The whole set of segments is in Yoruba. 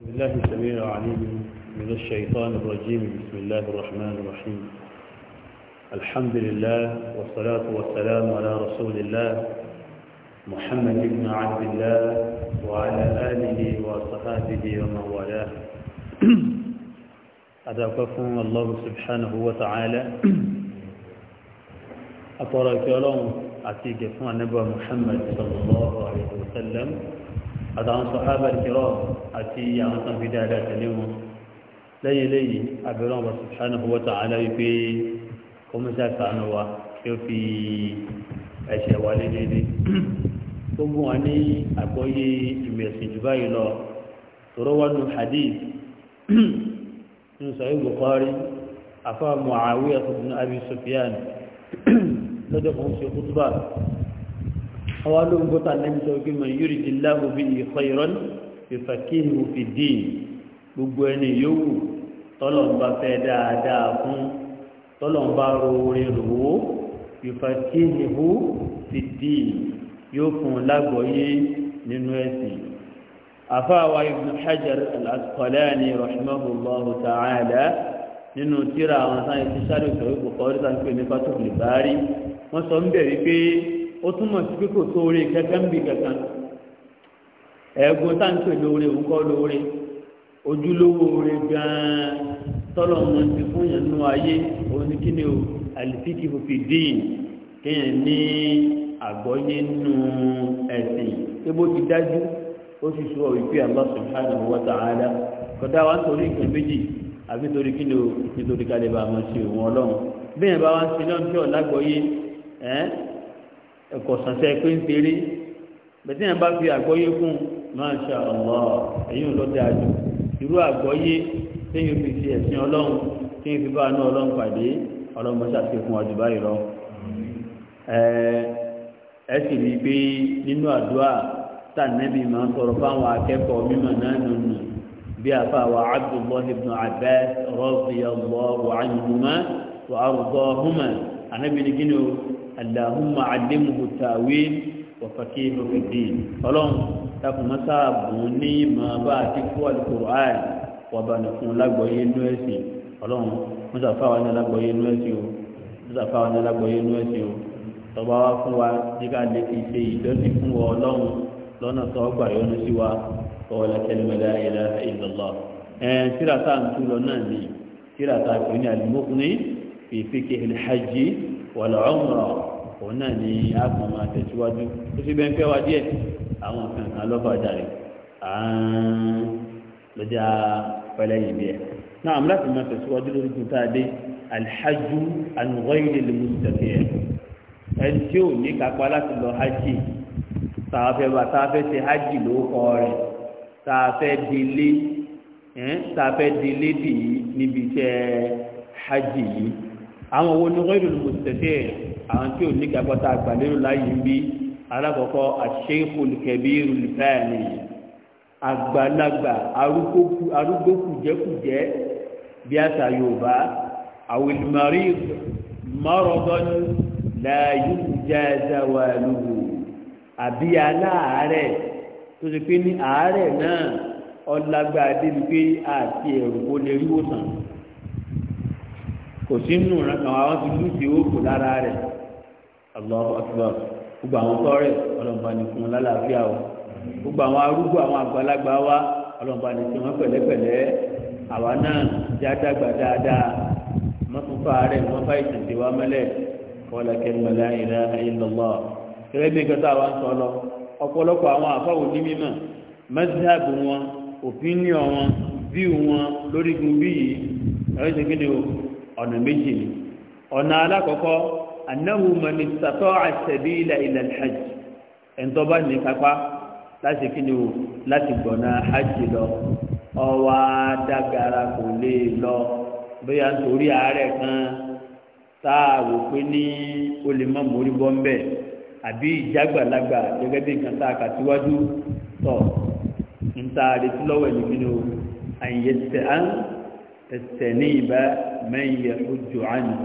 بالله السميع العليم من الشيطان الرجيم بسم الله الرحمن الرحيم الحمد لله والصلاة والسلام على رسول الله محمد بن عبد الله وعلى آله وصحابه ومن والاه أدعوكم الله سبحانه وتعالى أترك لهم أتيك محمد صلى الله عليه وسلم àtàwọn sọ̀hábà ìkìrọ̀ àti àwọn tán fi dáadáa tẹ̀lé wọn lẹ́yìn lẹ́yìn abẹ́rẹ́ wọn subhanahu wa ta'ala wípé kọmíṣà sànù wa kí ó fi ẹ̀ṣẹ̀ wa lédèdè ó gún wa ní àgbọ́yé ìmẹ̀sìn jù báyìí lọ tòró wà nù hadith ń àwọn olóńgbò tà lẹ́yìn sọ pé màá yúrì di láàbù bí ìkọ ìrọ́n ìfàkíhì òfin dín gbogbo ẹni yòówù tọ́lọ̀ ń bá fẹ́ dáadáa fún tọ́lọ̀ ń bá ro orin rò ó ìfàkíhì òfin dín yóò fún lágbọ̀ọ́yé nínú ẹ̀sìn. àfáàwá ibùdó hajar alasqalani rahmatulahu ta'ala nínú tíra àwọn sáyẹnsì sáré ìsọ̀rọ̀ ìbùkọ́ orí nípa tó lè bá rí wọ́n sọ ń bẹ̀ ó túmọ̀ sí pé kò sóore kankan bí kankan ẹ̀ẹ́gùn táǹtì lóore òun kọ́ lóore ojúlówó oore gan-an tọ́lọ̀ wọn ti fún yẹn nú ayé òun kí ni o àlìfíkì fòfì dín kéèyàn ní àgbọ́yé nù ẹ̀sìn tí bó ti dájú ó sì sọ ìpè àlọ́ sùnkáàdì wọ́n ta àádá kọ́dá wa ń torí nǹkan méjì àbí torí kí ni o nítorí ká lè a mọ̀ ṣe òun ọlọ́run bí yẹn bá wá ń ṣe náà ń ẹ́ ẹ̀kọ́ sànṣẹ́ pé ń péré bẹ̀tí yẹn bá fi àgbọ́yé kún máa ṣe ọ̀lọ́ ẹ̀yìn ló dáa jù irú àgbọ́yé téyìn fi ṣe ẹ̀sìn ọlọ́run téyìn fi bá inú ọlọ́run pàdé ọlọ́run ṣàfikún ọdún báyìí lọ. ẹ sì rí i pé nínú àdúrà tànẹ́bí máa ń sọ̀rọ̀ fáwọn akẹ́kọ̀ọ́ mímọ̀ náà nùnú bí àfàwà abdullahi ibn abbas rọ́ọ̀sì ọ̀gbọ́ wàhánìhùmá wàhánìhùmá ànábìnrin kí ni aláhùnmá àdémùhù tàwé wọ̀fàkì ìfọ̀fẹ̀dì ọlọ́run takùn mọ́sá bùn ní màá bá àti fún àlùkòrò àì wọ̀bà nìkún lágbọ̀ọ́yé inú ẹ̀sìn ọlọ́run mọ́sá fáwọn ní lágbọ̀ọ́yé inú ẹ̀sìn o mọ́sá fáwọn ní lágbọ̀ọ́yé inú ẹ̀sìn o tọba wa fún wa nígbà lè fi ṣe ìjọsìn fún wa ọlọ́run lọ́nà tó gbà yọnu sí wa ọ̀la kẹlẹ́mẹ́lá ìlà ìlọ́lọ́ ẹ̀ẹ́n tíra wọ̀lá ọ̀mùrọ̀ òun náà ni a kàn máa tẹ̀síwájú ó sì bẹ́ẹ̀ pẹ́ wá díẹ̀ àwọn kankan lọ́fàdà rẹ̀ àán lọ́jà pẹ́lẹ́ yìí bí ẹ̀ náà àmì láti máa tẹ̀síwájú lórí kúta dé alhaju anuwaye lè mú ìtẹ̀kẹ́ ẹ̀ ẹni tí ò ní kápá láti lọ hajj tààfẹ́ bá tààfẹ́ ṣe hajj ló kọ́ rẹ̀ tààfẹ́ délé tààfẹ́ délé bì níbi iṣẹ́ hajj yìí àwọn owó ní rẹ́rù mùsùlùmí àwọn tí ò ní gbàgbọ́ta àgbàlérò láyé ń bí alákọ̀ọ́kọ́ àṣẹ́kù kẹbíìrù lùfẹ́ẹ̀ni àgbàlagbà arúgbó kùjẹ́kùjẹ́ bí àṣà yorùbá àwìlmarí mọ́rọ̀dọ́n láàyè kùjẹ́ ẹ̀dáwà lùwù àbí aláàárẹ̀ tó ti pé ní àárẹ̀ náà ọlágbà débi àti ẹ̀rù kò lè rí wòsàn kò sí nù ìrànkàn àwọn ti lù sí òkú lára rẹ̀ allahu akbar gbogbo àwọn tọ́rẹ̀ ọlọ́mọba ní fún lálàáfíà o gbogbo àwọn arúgbó àwọn àgbàlagbà wa ọlọ́mọba ní fún wọn pẹ̀lẹ́pẹ̀lẹ́ àwa náà já dáadáa mọ́túnfà rẹ̀ mọ́fà ìtẹ̀tẹ̀ wa mẹ́lẹ̀ kọ́lákẹ́ mẹ́lẹ́ ìlà ìlọ́lọ́ gẹ́gẹ́ bí nǹkan tá ń sọ lọ ọ̀pọ̀lọpọ̀ àwọn àfáwò ní mímọ̀ mẹ́sàbù wọn òfin ní ọ̀wọn bíi wọn lórí gun bíi ẹ̀rọ ọ̀nà méjì ni ọ̀nà alákọ̀ọ́kọ́ sàtọ́ ilẹ̀ ilẹ̀ hajj ní kápá láti kíni o láti gbọ̀nà hajj lọ ọwọ́ adágara kò lè kan tá a wò pé ní mórí bọ́ àbí gẹ́gẹ́ bí nǹkan a kà síwájú tọ̀ السنيب من يحج عنه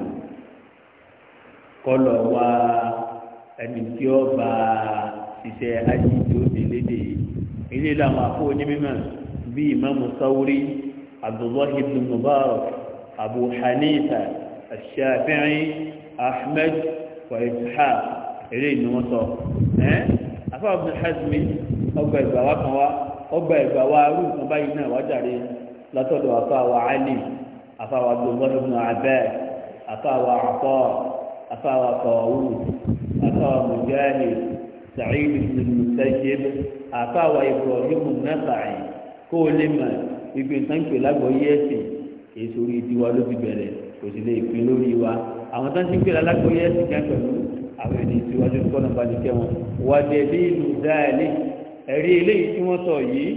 kọlọ wa ẹni tí ó bá ṣiṣẹ́ ájì tó délédè ilé làwọn àpò onímọ̀ bíi imamu sauri abdullahi ibn mubarak abu hanifa ashafi'i ahmed wa ishaq eré ni wọ́n sọ ẹ́ afọ́ abdulhazmi ọgbà ìgbà wa kan wa ọgbà ìgbà wa arúgbó báyìí náà wájà rẹ̀ látọ̀dọ̀ afáwa ali afáwa gbogbo ibn abed afáwa afọ afáwa kọ̀ọ̀wù afáwa mujahid sa'id ibn musayyib afáwa ibrahim nafa'i kó o lè mọ̀ ìpín sáńkì lágbóyè ẹ̀sìn èso orí tiwa ló ti bẹ̀rẹ̀ kò sì lè pín lórí wa àwọn tó ń ti gbéra lágbóyè ẹ̀sìn kan pẹ̀lú àwọn èdè ìtiwájú tó kọ́nà bá ti kẹ́ wọn wà dé bí ìlú dáa ẹ̀rí eléyìí tí wọ́n sọ yìí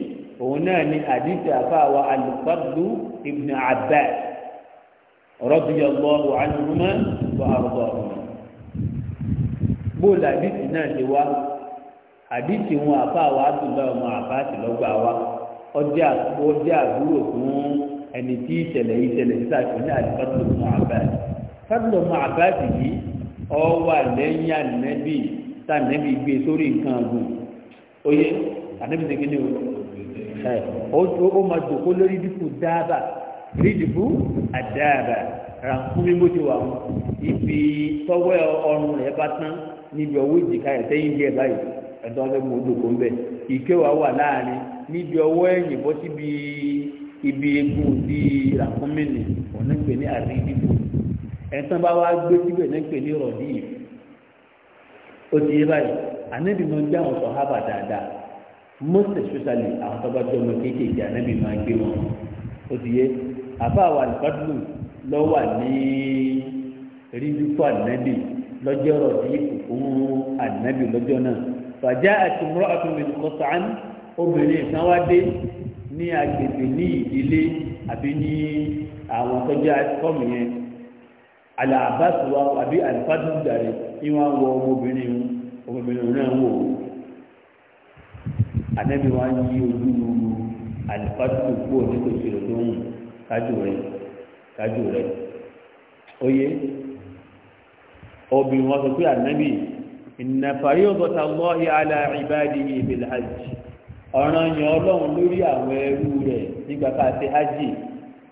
òun náà ni àdìsí àfàwà alùpàdù ibùnà àbẹ rọbìyàlọ́wọ́ ànúhùmá wà àrùbọ̀ ọ̀hún. bóòlù àdìsí náà ti wá àdìsí wọn àfàwà àdùnlá ọmọ àbáàtì lọ́gbà wa ọjọ́ àbúrò fún ẹni tí ìṣẹ̀lẹ̀ ìṣẹ̀lẹ̀ ní àdìpàdù ọmọ àbáàtì yìí ọ wà lẹ́yìn ó máa jòkó lórí dìbò dáàbà rí dìbò àdáàbà ràǹkúmí bó ti wà wọn ibi tọwọ́ ọrùn rẹ̀ bá tán níbi ọwọ́ ìjìká ẹ̀ sẹ́yìn díẹ̀ báyìí ẹ̀dọ́ fẹ́ mú odòkó ń bẹ̀ wà láàrin níbi ọwọ́ ẹ̀yìn bọ́ síbi ibi egun bí ràǹkúmí ni òun ń pè ní àrídìbò ẹ̀sán bá wá gbé síbẹ̀ ní pè ní rọ̀dí ó ti yé báyìí àníbi most especially àwọn tó bá jẹ́ ọmọ kéékèèké ànábì máa gbé wọn ó ti yé àbá wa àlùfáàdùlù lọ wà ní ríndúkọ ànábì lọ́jọ́ rọ̀ sí òun ànábì lọ́jọ́ náà fàjá àti mọ́rọ́ àtúnbẹ̀tì kọ́sàn-án obìnrin kan wá dé ní agbègbè ní ìdílé àbí ní àwọn tọ́jú àtìkọ́mù yẹn àlàbáṣe àbí àlùfáàdùlù dàrẹ́ ni wọ ọmọbìnrin ọmọbìnrin náà wò ó. anabi wa ń yí ojú alifásitì kú onítòsí rẹ lóhùn kájú rẹ kájú rẹ oyè obìnrin wọn sọ pé anabi ìnàfàyè ọgọta lọ́ọ̀hì àlà ìbáàdì hajj ọ̀ràn yẹn ọlọ́run lórí àwọn ẹrú rẹ nígbà tá a ti hajj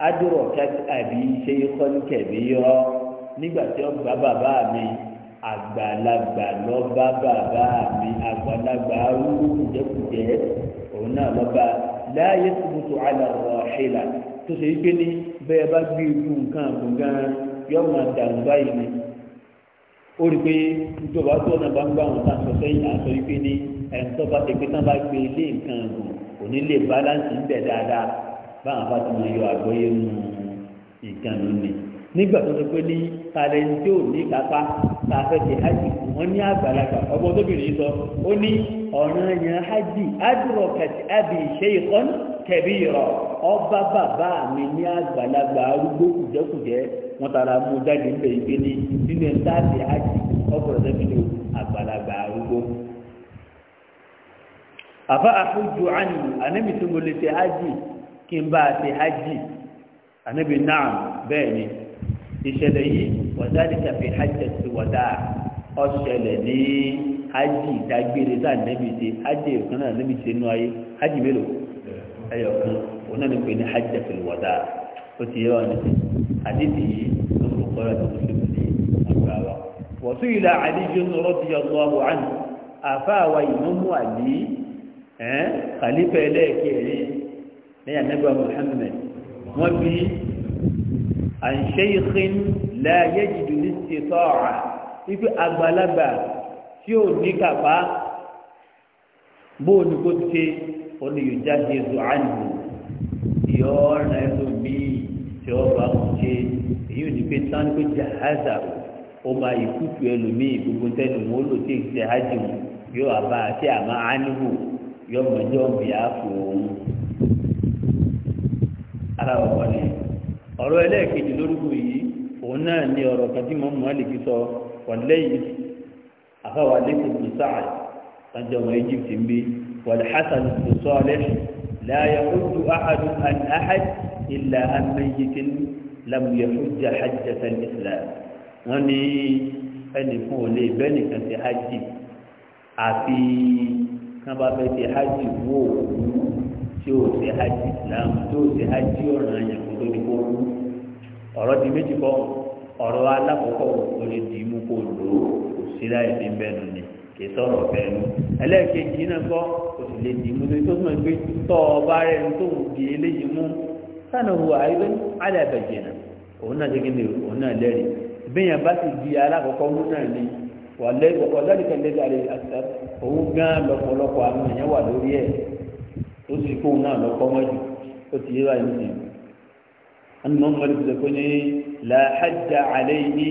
adúrò kẹ́kẹ́ àbí ṣe é kọ́ ní kẹ̀mí yọ nígbà tí ó gbà àgbàlagbà lọ́ba bàbá mi àgbàlagbà arúgbó kùjẹ́kùjẹ́ òun náà lọ́ba láàyè tùmùtù àlàrọ̀ ṣẹlà tó ṣe wípé ní bẹ́ẹ̀ bá gbé ikú nǹkan àgùn gan yọ máa dàrú báyìí ni ó rí i pé ìjọba tó ọ̀nà bá wọn tán sọ sẹ́yìn àṣọ wípé ní ẹ̀ńtọ́ bá ti pé tán bá gbé ilé nǹkan àgùn òní lè báláǹsì ń bẹ̀ dáadáa báwọn bá ti mọ iyọ̀ àgbọ́yé nù ìkànnì nìyí nígbà tó ti pé ní tàlẹ́ ní tí ò ní kápá tá a fẹ́ ṣe hajj wọ́n ní àgbàlagbà ọgbọ́n tóbìnrin sọ ó ní ọ̀ràn yẹn hajj adúrọ̀kẹ̀tì àbí ìṣe ìkọ́ni kẹ̀bí rọ̀ ọba bàbá mi ní àgbàlagbà arúgbó kùjẹ́kùjẹ́ wọn tara mú jáde ń bẹ̀ yí ní nínú ẹ̀ táàbì hajj ọkùnrin tẹ́bi ní àgbàlagbà arúgbó. àfa àfojú àní ànábì tó mo lè ṣe hajj kí n bá a ṣe hajj ànábì náà bẹ́ẹ̀ ni ìṣẹ̀lẹ̀ yìí wàdálìkà fi hajjẹ ti wàdà ọ̀ṣẹ̀lẹ̀ ní hajj ìdágbére tá nẹ́bi ṣe hajj ìkan náà nẹ́bi ṣe nú ayé hajj mélòó ẹyọ kan òun náà ní pé ní hajj ti wàdà ó ti yẹ wọn ní àdìsí yìí ló ń kọ́ra tó ń lò ní àgbà wa. wọ́tún ìlà àdìjọ́ sọ̀rọ̀ ti yọ lọ́wọ́ àwọn àná àfa ìmọ̀mú àdí kàlífẹ̀ ẹlẹ́ẹ̀kẹ́ rí lẹ́yìn muhammed wọ́n bí àǹṣeyìkín láàyè jìdù ní ṣètò ọ̀rà wípé àgbàlagbà tí ò ní kàpá bóòlù kó ti ṣe olùyọjá ṣe zò ánìmọ̀ yọ ọ̀ràn ẹlòmíì tí ó bá kò ṣe èyí ò ní pé tán kó jẹ àhàzà ó máa ìkútù ẹlòmíì gbogbo tẹnu wọn ó lò sí ìṣe ájì yóò àbá àti àmà ánìmọ̀ yọ ọmọdé ọ̀bì àfọ̀ òun. ara ọ̀pọ̀ nìyẹn ọ̀rọ̀ ẹlẹ́ẹ̀kejì lórúkú yìí òun náà ní ọ̀rọ̀ kan tí mo mọ̀ lèkì sọ wàlẹ́yìn àfáwà lẹ́kọ̀ọ́ tó sáà sanjọ́ ọmọ egypt ń bí wàlẹ́ hasan tó sọ ọ́lẹ́ láyà ojú ahadu an ahad ilà amẹ́yẹkẹ́ni lamuyẹ̀fọ́jà hajjata islam wọ́n ní ẹnì fún òun lè bẹ́ẹ̀ ti hajj àfi kan bá ti hajj wò ó tí ó ti hajj islam tó ti hajj ọ̀ràn yẹn tó di kó kú ọ̀rọ̀ di méjì kọ́ ọ̀rọ̀ alákọ̀ọ́kọ́ o lè dị mú kó lò ó kò sí láì o sì lè mú tó pé tọ́ rẹ̀ ń tó di eléyìí mú sànà hu àìlẹ́ alẹ́ àbẹ̀jẹ̀ náà òun náà ṣe òun náà bá di alákọ̀ọ́kọ́ mú náà ni anumọ mọlẹ لا sẹkọ ní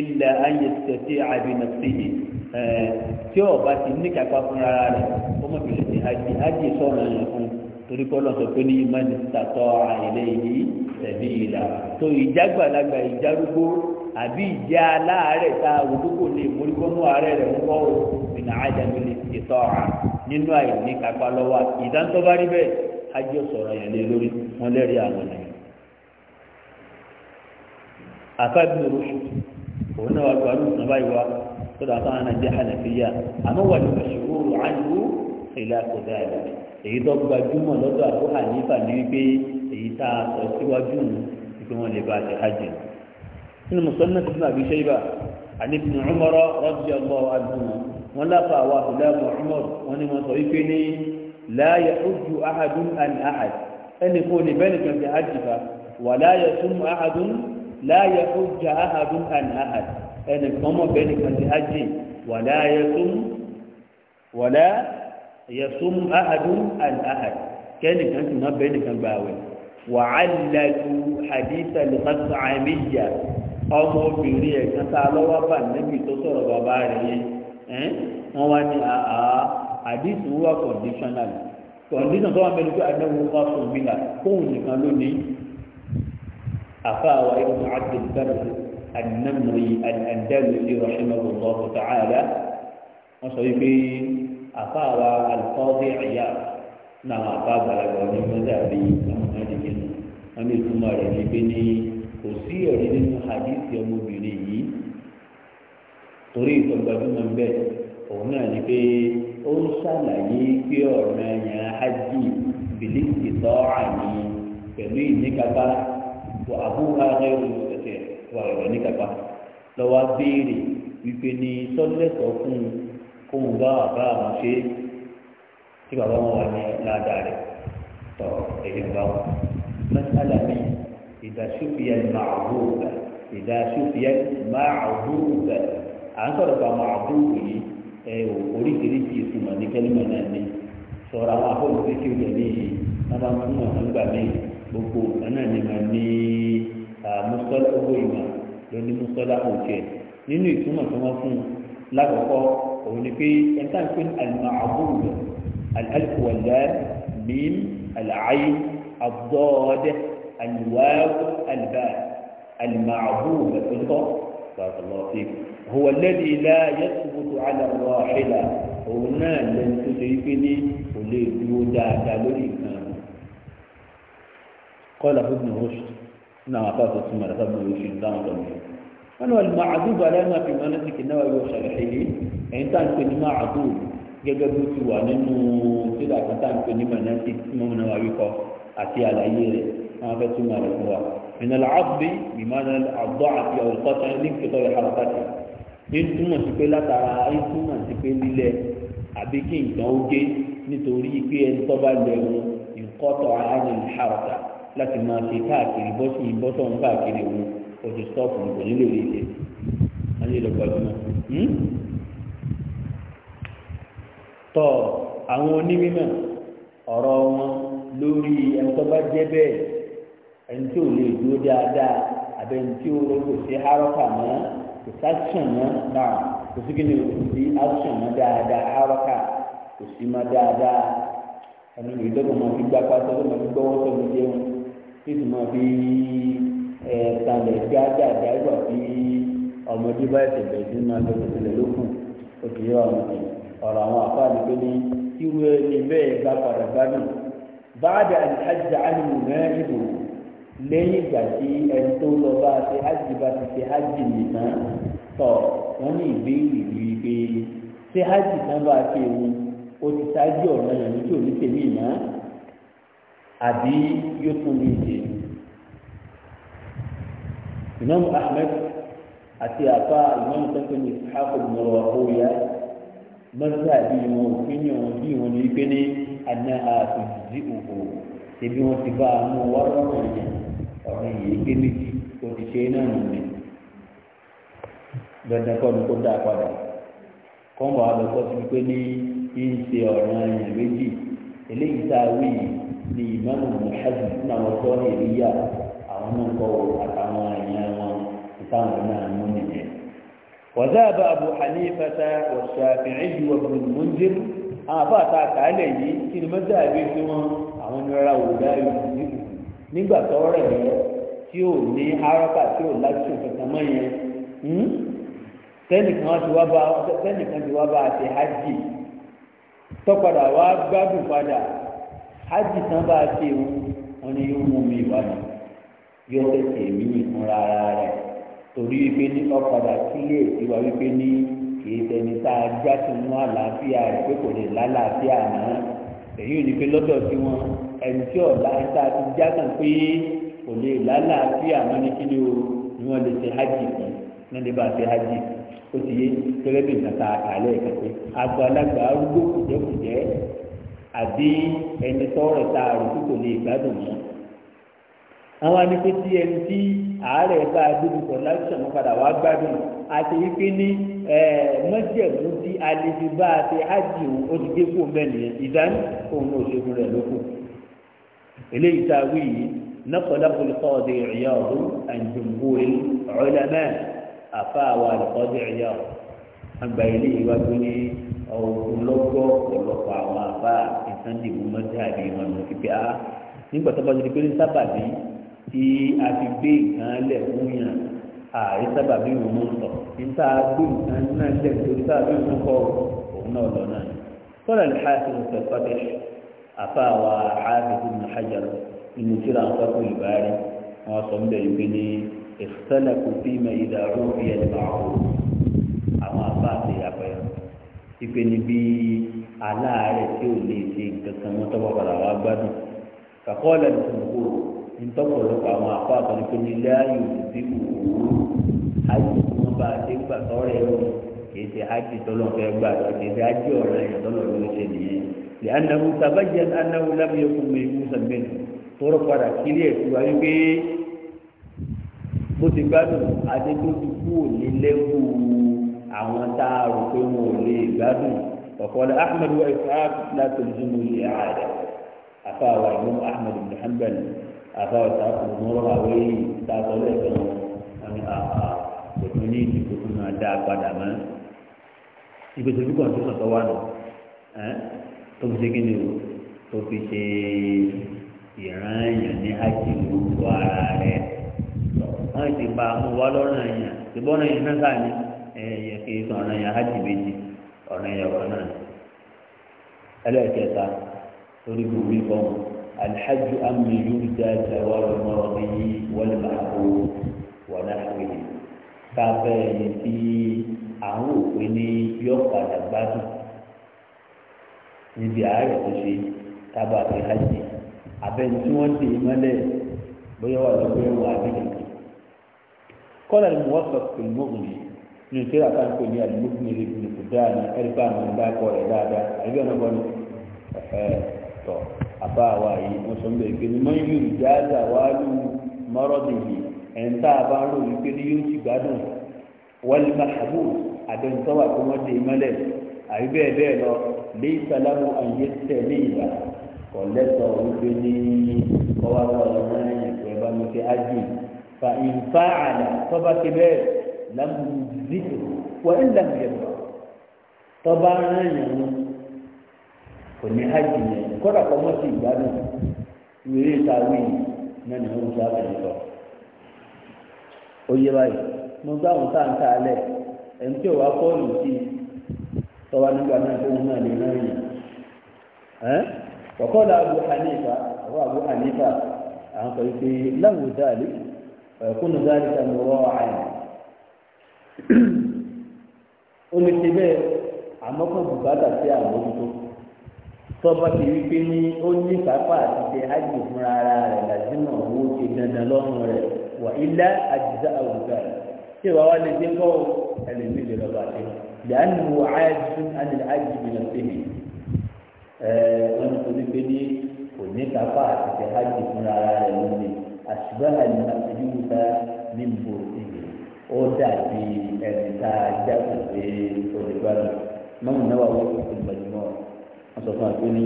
إلا أن يستطيع بنفسه. an yastati'a bi nafsihi ẹ tí o bá ti ní kápá fún rárá rẹ ó mọ bìrì sí hajj hajj sọ̀rọ̀ yẹn fún torí kọlọ sọ pé ní man istata'a ilayhi sabila tó ìjágbàlagbà ìjárúgbó àbí ìjẹ aláàárẹ̀ tá a wò kókò lè mórí kọmú ààrẹ rẹ ń kọ o ìnà àjàmì lè ti tọ ọ nínú àìní kápá lọ́wọ́ ìdántọ́ bá rí bẹ́ẹ̀ hajj sọ̀rọ̀ yẹn lórí wọn lẹ́rìí àwọn ẹ̀yìn àfáàbí oróṣù òun náà wà gbàrú ìsìn báyìí wá sọ́dọ̀ àtàwọn náà jẹ́ hànàfíyà àmọ́ wà ní ìṣòro àìwú ìlà kọjá rẹ̀ èyí tó gbajúmọ̀ lọ́dọ̀ àbú hànífà ní wípé èyí tá a sọ síwájú nù wípé wọ́n lè bá a ṣe hajj nínú mùsùlùmí tó nàbí ṣe ibà àníbi ọmọrọ rọ́bì ọgbọ́ àdúgbò wọn láfa àwọn àbúláàmù ọmọrọ wọn ni wọn sọ wípé ní láàyè ojú ahadun àni ahad ẹnì kò ní bẹ́ẹ̀ nìkan ti hajj fa wà láàyè túmù ahadun láàyè ó jà áhàdún àná àhàd ẹnì kan mọ̀ bẹ́ẹ̀ nìkan ti ájì wàlá yẹsùn wàlá yẹsùn áhàdún àná àhàd kẹ́nìkan sì mọ̀ bẹ́ẹ̀ nìkan gbà wẹ̀ wàhálàlú àdìsá lùkàtà àmìyà ọmọ obìnrin ẹ̀kan tá a lọ́wọ́ bà níbi tó sọ̀rọ̀ bàbá rẹ̀ yẹn wọ́n wá ní àhà àdìsí wúwà conditional condition tó wà mẹ́rin àdéhùn wà fún mi là kóhùn nìkan lónìí أفاوى ابن عبد البر النمري الأندلسي رحمه الله تعالى وصيفي أفاوى القاضي عياض نعم أفاوى لقوني مذهبي محمد أمي الكمار لبني وسير من حديث يوم بنيه طريق بدون بيت هناك ó ń ṣàlàyé pé ọ̀ràn yẹn á jì bìlíìsì tó àbúrò adé òun tẹ̀tẹ̀ wà rẹ̀ ní kàkà lọ́wọ́ béèrè wípé ní sọ́lẹ̀tọ̀ fún un kó wọn bá bàbá àwọn ṣe é tí bàbá wọn wà ní ládàá rẹ̀ tọ̀ ẹ̀yìn bá wọn. mẹ́tàlá mi ìdásófìyà màbúrúgà ìdásófìyà màbúrúgà à ń sọ̀rọ̀ pa màbúrúgà yìí ẹ̀ oríṣiríṣi ìtumọ̀ ní kẹ́lí mọ̀ náà ní sọ̀rọ̀ àwọn afọ́nù kékeré ní yìí wọ́n máa ń fún wọn nígbà míì gbogbo nǹkan náà ni mà ní mùsọ́lá owó ìmọ̀ ló ní mùsọ́lá òjẹ́ nínú ìtumọ̀ tí wọ́n fún un lákòókò òun ni pé ẹ̀ńtà ń pè ní àlùmáàbùrù àlùwàlá mìm àlàáyé àbúdọ́ọ̀dẹ́ àlùwàbù àlùbá àlùmáàbùrù ẹ̀tọ́ bàtàlọ́ọ̀fẹ́ هو الذي لا يثبت على الراحلة òun náà lẹ́nu tó ṣe قال ابن رشد نعم أعطاه ثم لا ابن رشد دعوة ضمير من هو المعذوب على ما في مناسك النووي وشرحه يعني تنكن معذوب gẹ́gẹ́ bó ti wà nínú sílẹ̀ àkàtà ń pè ní mọ̀nẹ́tì tí mo náà wáyé kọ àti àlàyé rẹ̀ wọn fẹ́ tún máa rẹ̀ fún wa. ìnàlá àbí ìmọ̀nà àbọ̀ àti ọ̀rọ̀kọ́tà ní kìtọ́ rẹ̀ harapati ní túmọ̀ sí pé látara ní túmọ̀ sí pé lílẹ̀ àbí kí nǹkan ó nítorí pé ẹni tó bá lẹ̀ wọn ìkọ́tọ̀ àárín láti máa ṣe káàkiri bọ́sì bọ́sọ̀ ń káàkiri òun kò ti sọ́ọ̀pù kò nílò rí ṣe wọ́n lè lọ gbajúmọ̀. Hmm? tọ́ àwọn onímọ̀ ọ̀rọ̀ wọn lórí ẹni tó bá jẹ́ bẹ́ẹ̀ ẹni tí ò lè dúró dáadáa àbẹ̀ni tí ó rẹ́ kò sí hárọ́kà mọ́ kò sáṣàn mọ́ náà kò sí kíni kò sí áṣàn mọ́ dáadáa hárọ́kà kò sí mọ́ dáadáa ẹni ìdọ́gbọ̀n máa fi gbá pátá ló máa fi gbọ́wọ́ sọ́mi jẹun títí mọ bí ẹ̀ẹ́dàlẹ̀ gbàgbàgbà ìgbà bí ọmọdé bá ẹ̀sẹ̀ bẹ̀rẹ̀ sí máa lọ́kùn sílẹ̀ lókun òkè yọ ọ̀nà ọ̀rọ̀ àwọn àfáàní pé ní irú ẹni bẹ́ẹ̀ bá padà gbádùn báàdà àjìjà ánìmù mẹ́rin ìbò lẹ́yìn ìgbà tí ẹni tó lọ bá a ṣe ájì bá ti ṣe ájì nìkan tọ̀ wọ́n ní ìbéèrè rí pé ṣé ájì kan bá a ṣe òun ó ti ṣáájú ọ̀rọ̀ yẹn ní tí ní tèmi náà àbí yóò tún ní ìdè imam ahmed àti àfa imam sẹ́kẹ̀ ní ìsáàkù mọ̀rọ̀ àkóyá mọ́tò àbí wọn òfin yàn bí wọn ní pé ní àná òkò wọn ti bá àwọn wàrà wọn yàn ọ̀rọ̀ yìí pé méjì kò ti ṣe náà nù mí dandan kọ́ ni kó dáa padà kọ́ńbà ti pé ní ṣe méjì. eléyìí tá a wí ni ìmáàmù mùsàlù na àwọn ọjọ́ ìrìyà àwọn náà kọ́ àtàwọn èèyàn wọn ìtàwọn náà mú nìyẹn. وذهب أبو حنيفة والشافعي وابن المنذر àbá ta àkàálẹ̀ yìí kí ni mọ́tà àbí fi wọn àwọn nira wò láàyò níbù nígbà tó rẹ̀ lọ tí ò ní haraka tí ò láti yẹn hmm? tẹ́nìkan ti wá bá tẹ́nìkan ti wá bá àti hajj tọ́padà wá gbádùn padà ájì tán bá a ṣe wọn ni yóò mú mi wá ní yọ tẹ̀sẹ̀ mí nìkan rárá rẹ̀ torí wípé ní ọ̀padà sílé ìwà wípé ní kìí tẹni tá a já sínú àlàáfíà rẹ̀ pé kò lè lálàáfíà náà èyí ò ní pé lọ́dọ̀ sí wọn ẹni tí ọ̀la tá a ti já kàn pé kò lè lálàáfíà náà ní kí ni o ni wọ́n lè ṣe hajj fún ní wọ́n bá a ṣe hajj fún. o ti yé gẹ́gẹ́ bí nǹkan ta àlẹ́ ìkàtẹ́ àgbàlagbà arúgbó àbí ẹni tọrọ ta àrùkú kò lè gbádùn mọ́ àwọn anìkó tí ẹni tí àárẹ̀ bá láti padà wá gbádùn àti wípé ní mọ́jẹ̀mú alẹ́bí bá a ti ájì òun ó ti dé kó mẹ́rin ìdání òun náà ṣẹ́gun rẹ̀ a wí yìí àfa àwa àlùkọ́jú ẹ̀yà àgbà ilé ìwájú ní ọ̀gbọ̀lọ́gbọ̀ ọ̀pọ̀lọpọ̀ àwọn àfa ìsàndìmú mọ́tàbí wọn lọ síbi a ah, nígbà tó bá ti di pé ní tí a fi gbé nǹkan lẹ̀ fún yàn ààrẹ sábàbí wọn mọ̀ sọ níta gbé nǹkan náà lẹ̀ torí sábàbí wọn kọ òun náà lọ náà kọ́lá ní xaasi ní sẹ́kọ́tẹ́ àfa àwa xaasi ní hajar ìmùtírà nǹkan fún ìbáraẹ̀ wọn sọ ń bẹ̀rẹ̀ pé ní ìfẹ́lẹ̀kù fíìmù ìdàrú ìyẹ̀lẹ̀mà ọ̀hún àwọn àbá àti ìyàpẹ̀ ìpè níbi aláàárẹ̀ tí ò lè ṣe kankan wọn tọ́pọ̀ padà wá gbádùn kàkọ́ ọ̀lẹ́ ìdìbò ntọ́pọ̀lọpọ̀ àwọn àpá àtọ́ni pé nílé ayò ìdìbò òwúrò ayò tí wọ́n bá dé gbà tọ́rẹ̀ ẹ̀rọ kìí ṣe hajj tọ́lọ́ fẹ́ gbà lọ kìí ṣe hajj ọ̀rẹ́ ẹ̀yàn tọ́lọ́ ló ṣe nìyẹn lè anáwó tabajan anáwó lábẹ́yẹ̀kú mi bó ti gbádùn adédọ́dù kúrò ní lẹ́wù àwọn tá a rò pé wọn ò lè gbádùn ọ̀kọ́lẹ̀ ahmed wa isaac láti ìdúró ilé ààrẹ afáwa imam ahmed muhammed afáwa sàkùn mọ́rọ́ àwọn èyí sàkùn lẹ́sẹ̀ wọn àmì àhà òtún ní ìdìbò ah, ah, tó máa dá a padà mọ́ ìgbésẹ̀ bí kò sọ̀tọ̀ wà nù tó fi ṣe kí ni o tó fi ṣe ìran ní ájì ara rẹ̀ wọ́n ti bá mú wá lọ́rùn ẹ̀yàn ṣùgbọ́n ọ̀nà yẹn náà sáà ní ẹ̀yẹ kì í sọ ọ̀nà yẹn ájì méjì ọ̀nà yẹn wọ̀ náà. ẹlẹ́ẹ̀kẹta lórí gbogbo ìbọn alhaji amiru jaja wà lọ́mọ́rọ́ bí wọ́lẹ̀ máa kó káfẹ́ ẹni tí àwọn òpin ní yọ gbádùn níbi àárẹ̀ tó ṣe tábà fi hajj abẹ́ni tí wọ́n dè mọ́lẹ̀ bóyá wà lọ́gbẹ́ wọn àbí kọ́lá ni wọ́n sọ pé mọ́gùnì ní ìṣe àtàkùn ní àdìmọ́gùnì lè fi nìkú dáa ní ẹ̀ríkà àwọn ọ̀gá ẹ̀kọ́ rẹ̀ dáadáa àbí ọ̀nà bọ́ni ẹ̀fẹ́ tọ̀ àbá wa yìí wọ́n sọ bẹ́ẹ̀ pé ní mọ́ yóò rí dáadáa wá lù mọ́rọ́dì yìí ẹ̀ń tá a bá ń rò wípé ní yóò ti gbádùn wọ́lì màhàbù àdéhùntọ́wà tó wọ́n dé mọ́lẹ̀ àbí bẹ́ẹ̀ bẹ́ẹ̀ lọ léyìí sálámù àyè tẹ̀lé ìlà kọ̀lẹ́tọ̀ wípé ní ọwọ́ àwọn ọmọ ẹ̀yìn pẹ̀lú àmì fa ìfá àlà tọ́ba ti bẹ́ẹ̀ lámùzítò wọ́n ń lámùyẹ̀bọ̀ tọ́ba rán yẹn wọn kò ní hajj yẹn kọ́dà kọ́ mọ́ sí ìgbádùn ìrírí ìtawí náà ni wọ́n ń sábà yẹn lọ. ó yé báyìí mo gbá àwọn tá à ẹ̀ ń tí ò wá fọ́ọ̀lù sí tọ́ba nígbà náà tó ń náà lè rán yẹn. wọ́kọ́ la abu hanifa abu hanifa à ń sọ wípé láwùjọ àlejò. ويكون ذلك مراعا ó lè ṣe bẹ́ẹ̀ àmọ́ kò bùkátà sí àmójútó tọ́ba ti rí pé ní ó ní pápá àti ṣe ájì fúnra ara rẹ̀ làzínà owó ṣe dandan lọ́rùn rẹ̀ wà ilá àjùzá àwùjá rẹ̀ ṣé wàá wá lè ṣe kọ́ ẹlẹ́mí lè lọ́ba ṣe ìyá ni wo ájú àti ájì mi lọ sí mi ẹ wọ́n ti torí pé ní kò ní pápá àti ṣe ájì fúnra ara rẹ̀ lónìí àṣìbáà ní àtúnyíwá ní mbò ìlú ó dàbí ẹni tá a jáde pé olùgbàlù mọ́mú náà wà wọ́pọ̀ tó gbajúmọ̀ wọ́n sọ fún àgbẹ̀ ní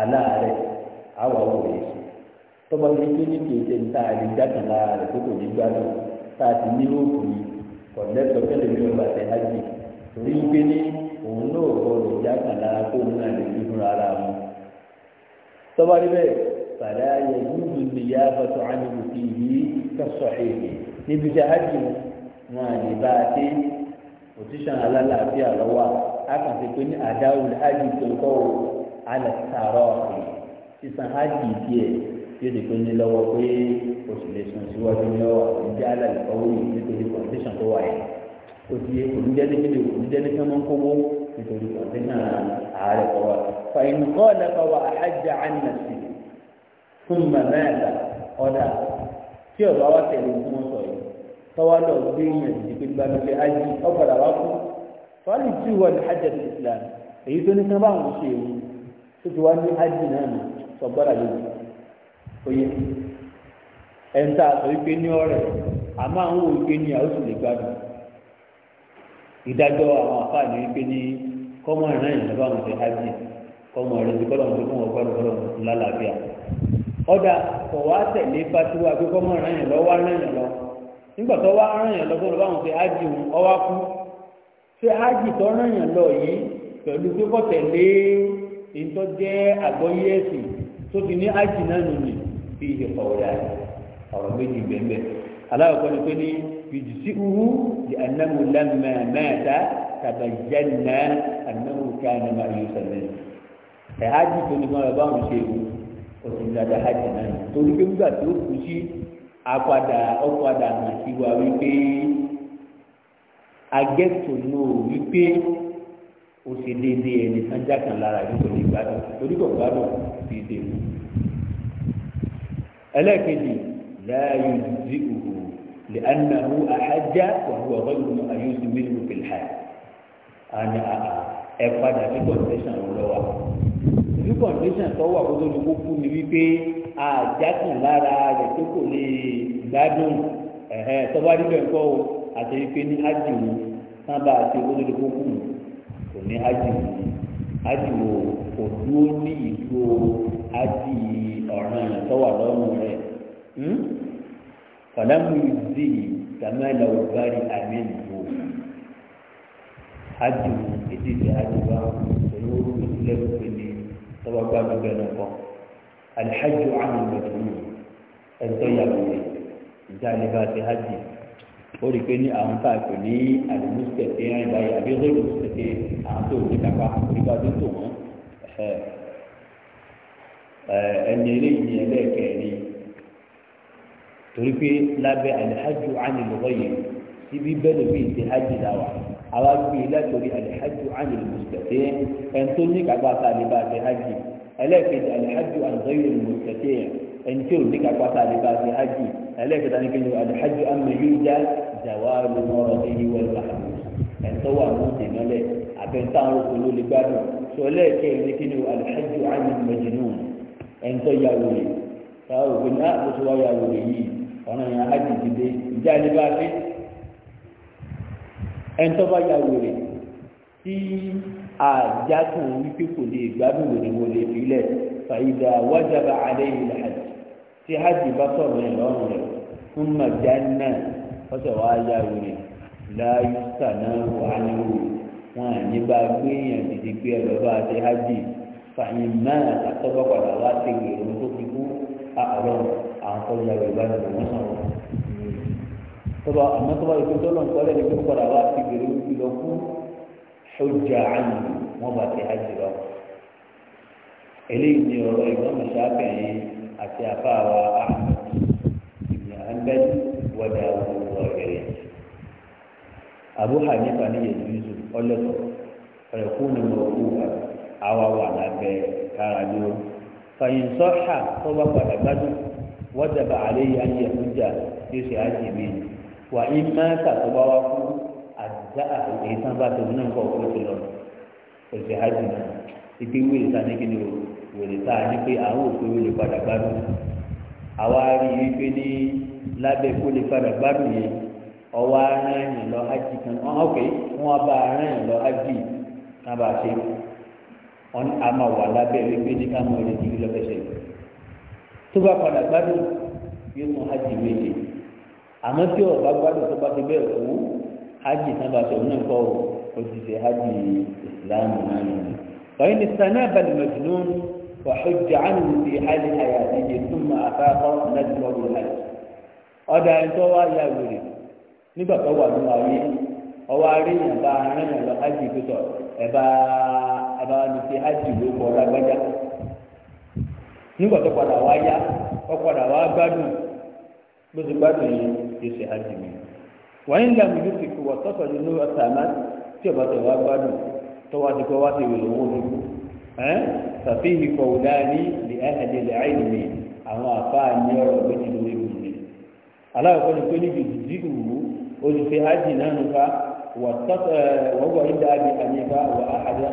aláàárẹ̀ àwọn àwọn òye tọ́ba ní kí ní kí ẹni tá a lè jáde lára rẹ̀ tó kò ní mi ò bá tẹ̀ ájì torí gbé òun náà gbọ́dọ̀ jáde lára kó òun náà lè fi fúnra ara wọn tọ́ba níbẹ̀ fàlẹ́ ayé yúdù nìyá bàtú ànìmù fi yí kásọ̀ èyí níbi tí hajj wọn à lè bá a dé òtíṣàn alálàáfíà lọ́wọ́ a kàn ti pé ní àdáwùl hajj tó ń kọ́ alẹ́ sàárọ̀ ọ̀hún sísan hajj díẹ̀ tí o lè pe ní lọ́wọ́ pé o lè sùn síwájú ní ọ̀wà oníjẹ́ alàlẹ́ ọwọ́ yìí nítorí kọ̀ǹtẹ́sán tó wà yẹn o ti yẹ oníjẹ́ ní kíni oníjẹ́ ní kí wọ́n kówó nítorí kọ̀ǹtẹ́sán ààrẹ kọ́ wa. lẹ́kọ̀ọ́ wa àjà ànàsì fún bàbá ẹ̀dá ọ̀dà tí ọ̀bá wa tẹ̀lé fún wọn sọ yìí tọ́wọ́ lọ gbé yẹn ti pé gbanú pé ájí ọ̀padà kú fọ́ọ̀lì tí wọ́n ní ájá ní Islam èyí tó ní sábà ń ṣe èyí tó ti wá ní ájí náà nù sọgbọ́dà lójú oyè ẹ̀ńtà sọ wípé ní ọ̀rẹ́ àmọ́ àwọn òwúgbé ní àwọn òsì lè gbádùn ìdájọ́ àwọn àfáàní wípé ní kọ́mọ̀ ìrìn àyìnlá bá wọn ṣe ájí kọ́mọ̀ ìrìn tí kọ́lọ̀ ọ̀dà kò wá tẹ̀lé fatiwa pé kọ́ mọ̀ ràn yàn lọ wá ràn yàn lọ nígbà tó wá ràn yàn lọ tó lọ fi ájì òun ọwá kú ṣé ájì tó ràn yàn lọ yìí pẹ̀lú pé kọ́ tẹ̀lé ìtọ́ jẹ́ tó ti ní ájì náà nù ní ìdè ọ̀rọ̀ méjì gbẹ̀ngbẹ̀ pé ní òtúndàdà hajj náà torí pé nígbà tí ó kú sí apadà ọ̀padà hàn sí wa wípé agẹ́tò náà wípé ó ṣe déédéé ẹni sanjá kan lára nítorí ìgbádùn torí kò gbádùn ti dé mu. ẹlẹ́ẹ̀kejì láàyò jí òhò lè anahu àhájá wàhùwà ọ̀gbọ́n àyùsùn mílíọ̀nù pèlè àná ẹ̀ padà sí kọ̀ǹtẹ́sán ọ̀rọ̀ ní kọ̀ǹdíṣàn tó wà kó tó di kó kú ni wípé àjákàn lára rẹ̀ tó kò lè gbádùn ẹ̀hẹ́ tọ́ba níbẹ̀ ń kọ́ o àti wípé ní ájìwò sábà àti kó tó di kó kú kò ní ájìwò ájìwò kò dúró ní ìdúró ájì ọ̀ràn tó wà lọ́rùn rẹ̀ hmm? fàlámù ìdí kàmáìlà ògbárí àmì ìbò ájìwò ètí ìdí ájìwò àwọn ìṣòro ìṣòro ìṣòro ìṣòro tọ́wọ́ gbá gbogbo ẹ̀ lọ́kọ́ alihajju àwọn mẹtòlù ẹ̀tọ́ yàgòlè ìjà àlebà ti hajj ó rí i pé ní àwọn tá a pè ní alimusitẹ̀tẹ̀ àyìnbá yìí àbí ọ̀rẹ́ ìmùsítẹ̀tẹ̀ àwọn tó ní kápá nígbà tó tó wọ́n ẹni eléyìí ẹlẹ́ẹ̀kẹ́rin torí pé lábẹ́ alihajju àwọn ìlọ́wọ́ yìí síbí bẹ́ẹ̀ lómi ìtẹ̀ hajj làwà àwa gbé e látòrí alihaju àni lùmùsùlùmí ẹni tó ní kápá tá a lè bá a ṣe hajj ẹlẹ́ẹ̀kejì alihaju àni sọ́yìn lùmùsùlùmí ẹni tí ò ní kápá tá a lè bá a ṣe hajj ẹlẹ́ẹ̀kejì àni kejì alihaju àni yíjà jàwáàlú mọ́rọ̀ ẹni wọ́n bá a wà ní ìdè mọ́lẹ̀ àbẹ̀ntàn òkú sọ ẹlẹ́ẹ̀kejì ni ẹ̀ńtọ́ bá ya wèrè tí àjàkùn wípé kò lè gbádùn lòdì wò lè filẹ̀ fàyídà wájàbà àdéhùn hajj tí hajj bá sọ̀rọ̀ ẹ̀ lọ́rùn rẹ̀ fún màjánà ọ̀sẹ̀ wá ya wèrè láyé sànà wàhálà wò wọn àní bá gbé dídí pé ẹ lọ́ bá ti fàyín náà àtọ́gbọ́padà wá ti wèrè wọn tó fi kú àlọ́ àwọn tó ya wèrè bá ti sọ̀rọ̀ tọba àmọ́ tọba yìí tó lọ́n kọ́lé ní kíkọ́ ra wá sí gbèrè wípé lọ fún ṣọjà àyè wọn bá ti hajj lọ. eléyìí ni ọ̀rọ̀ ìgbọ́nmọ̀ sábẹ̀yìn àti àfáàwà ahmed ibn ahmed wàdà òwúrọ̀ rẹ̀. abu hanifa ni yẹn yuzu ọlọ́tọ̀ ọ̀rẹ́kùn ní mọ̀ọ́kù àwa wà lábẹ́ kára ní o. fàyìn sọ́ṣà tọ́ba padà gbádùn wọ́n dàbà àléyìn ayé ẹ̀kújà yóò ṣe hajj mìíràn wà í máa tàtọ́gbà wá fún àdá èyí tán bá tòun náà kọ̀ ó ti lọ òsì hajj náà ibi wíìlì tá a ní kíni o wíìlì tá a ní pé àwọn òfin wíìlì padà gbádùn àwa rí i pé ní lábẹ́ kó lè padà gbádùn yìí ọwọ́ aráàyàn lọ hajj kan ọ̀hún ọ̀kẹ́ wọn bá aráàyàn lọ hajj náà bá a ṣe wọn a máa wà lábẹ́ wípé ní káwọn olè ti rí lọ́fẹ̀ṣẹ̀ tó bá padà gbádùn yóò tún hajj méje àmọ́ tí ọ̀bá gbádùn tó bá ti bẹ́ẹ̀ kú hajj sábà sọ̀rọ̀ náà kọ́ òṣìṣẹ́ hajj ìsìláàmù náà nù. wàyí ni sanáà balẹ̀ mẹ̀jìnnún wàhùjì ánìmù sí hajj àyàtìjì túmọ̀ àfáàkọ́ nàìjíríà hajj. ọ̀dà ẹ̀tọ́ wa ya wèrè nígbà tó wà nínú ayé ọwọ́ arí yàn bá arìnrìn àlọ́ hajj pẹ̀tọ̀ ẹ̀bá ẹ̀bá ni sí hajj ló kọ́ lágbájá. nígbà tó padà wá yá ọ padà wá gbádùn bó ti gbádùn yìí yóò ṣe hajj mi wàyí ń dàmú yóò fi kú wà tọ́sọ̀ nínú ọ̀sánà tí ọba tó wá gbádùn tó wá ti kọ́ wá ti wèlò owó nínú ẹ́ sàfihì kọ̀wù láàní lè ẹ́hẹ̀dẹ̀ lè áìlì mi àwọn àfáà ní ọ̀rọ̀ méjì lórí mi ni aláwọ̀kọ́ ni pé níbi ìdíjú wù ó ti ṣe hajj náà nípa wà tọ́sọ̀ wọ́n wà ń dàbí ànífà wà áhàdà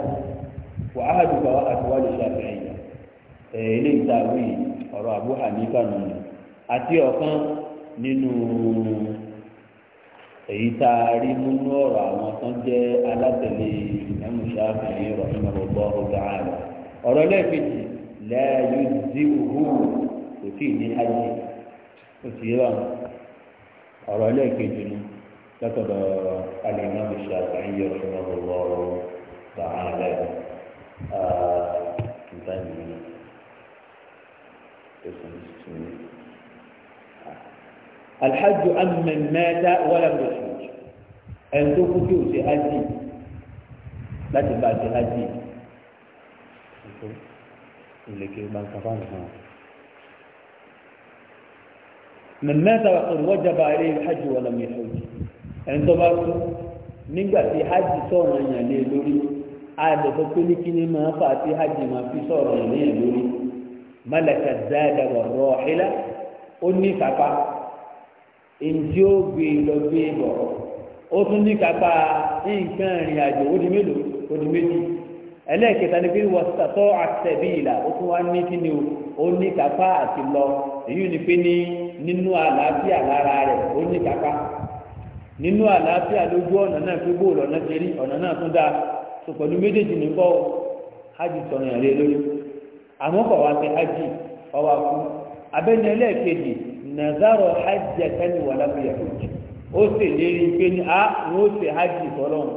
wà áhàdùkọ̀ àtiwálé ṣàfihàn àti nínú èyí tá a rí múnú ọ̀rọ̀ àwọn tó ń jẹ́ alátẹ̀lé ìnáwó ṣáfìrí rọ̀ṣùnà gbogbo ọ̀gá rẹ̀ ọ̀rọ̀ lẹ́ẹ̀kejì lẹ́yìn dí òhù kò tí ì ní hajj kò tí ì rà ọ̀rọ̀ lẹ́ẹ̀kejì ni lọ́tọ̀dọ̀ alìnáwó ṣáfìrí rọ̀ṣùnà gbogbo ọ̀gá rẹ̀ nǹkan yìí ló sọ alhajju amman mata wàlá mùsùlùmí ẹni tó kú kí o ṣe hajj láti bá a ṣe hajj. من مات وقد وجب عليه الحج ولم يحج ẹni tó bá kú nígbà tí hajj sọ̀rọ̀ èèyàn lé lórí àdẹ̀fọ́ pé ní kíní máa fà tí hajj máa fi sọ̀rọ̀ èèyàn lórí málàkà dáadáa wà rọ̀ ọ́hílà ó ní ìfapá èyí ó e lọ gbé e bọ̀ ó tún ní kápá nǹkan ìrìn àjò ó di mélòó ó di méjì ẹlẹ́ẹ̀kẹta ni pé wọ́n sàtọ́ ó tún wá ní kí ni ó ní kápá àti lọ èyí ni pé ní nínú àlàáfíà lára rẹ̀ ó ní kápá nínú àlàáfíà lójú ọ̀nà náà ọ̀nà ọ̀nà náà tún dáa pẹ̀lú méjèèjì ní hajj sọ̀rọ̀ yàrá lórí àmọ́ kọ̀ wá sí hajj abẹ́ni ẹlẹ́ẹ̀kejì nàzàrọ̀ hajj ẹ̀kẹ́ni wà lábẹ́yà hajj ó sì lérí pé ní a wọ́n sì hajj fọlọ́n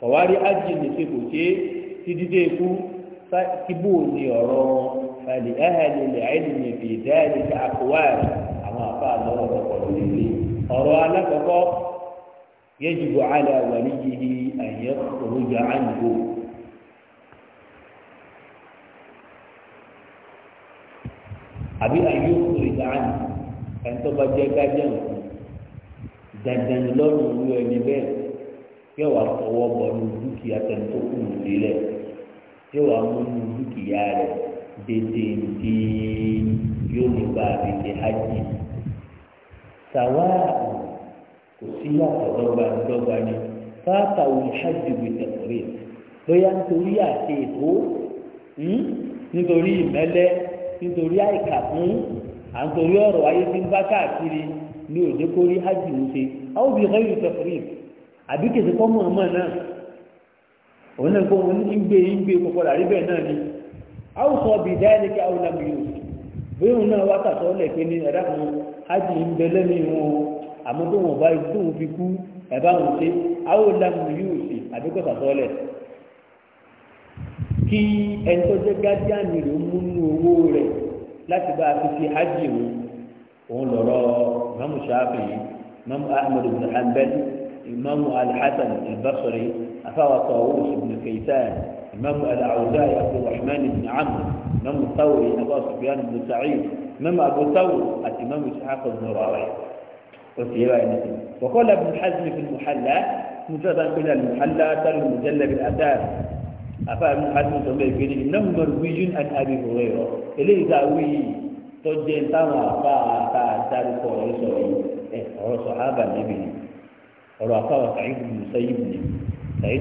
kọ̀wárí hajj nìṣe kò ṣe ti dídé ikú kíbò ní ọ̀rọ̀ fàlì ẹ̀hẹ́lì lẹ́yìn ní fi dáàlì ká àkọwárí àwọn afá lọ́wọ́ ọ̀pọ̀ lórí ọ̀rọ̀ alákọ̀ọ́kọ́ yẹ́jùbù alẹ́ àwàlí yìí àyẹ̀ òrùjà àyìnbó àbí àyè òkúrìjà àyìnbó ẹnitọ́ bá jẹ́ gájẹ́n dandan lọ́rùn olú ẹni bẹ́ẹ̀ yóò wá fọwọ́ bọ̀ ní dúkìá tẹ̀lé tó kù nílẹ̀ yóò wá mú ní dúkìá rẹ̀ déédéé bí yóò ní bá a fi ṣe hajj sàwa kò sí yàtọ̀ dọ́gba dọ́gba ni fáta wù hajj wù tẹ̀kọ̀rẹ́ lóyà nítorí àti ètò hmm? nítorí ìmẹ́lẹ́ nítorí àìkà à ń torí ọ̀rọ̀ ayé tí ń bá káàkiri ní òde kó rí hajj ń ṣe àwọn obìnrin kan yóò sọ àbí ọmọ náà òun náà ní gbé gbé bẹ́ẹ̀ náà ni sọ kí àwọn hajj ń bẹ lẹ́nu àmọ́ tó wọn bá tó wọn fi kú wọn ṣe àbí tàṣọ lẹ̀ kí ẹni tó jẹ́ láti bá a fi fi hajj mu òun lọ̀rọ̀ mamu shafi mamu ahmed ibn hanbal mamu alhassan albasri afawa tawus ibn kaitan imamu alawuzai rahman ibn amr imamu tawri abu sufyan ibn sa'id mamu abu tawr àti imamu ishaq ibn rawi وسيرة وقال ابن حزم في المحلى مجرد أن المحلى ترى المجلد الأساس àfáà mú hasan sọ bẹ́ẹ̀ gbélé iná mọ̀rùwíyún àti abihùwẹ̀ rọ ni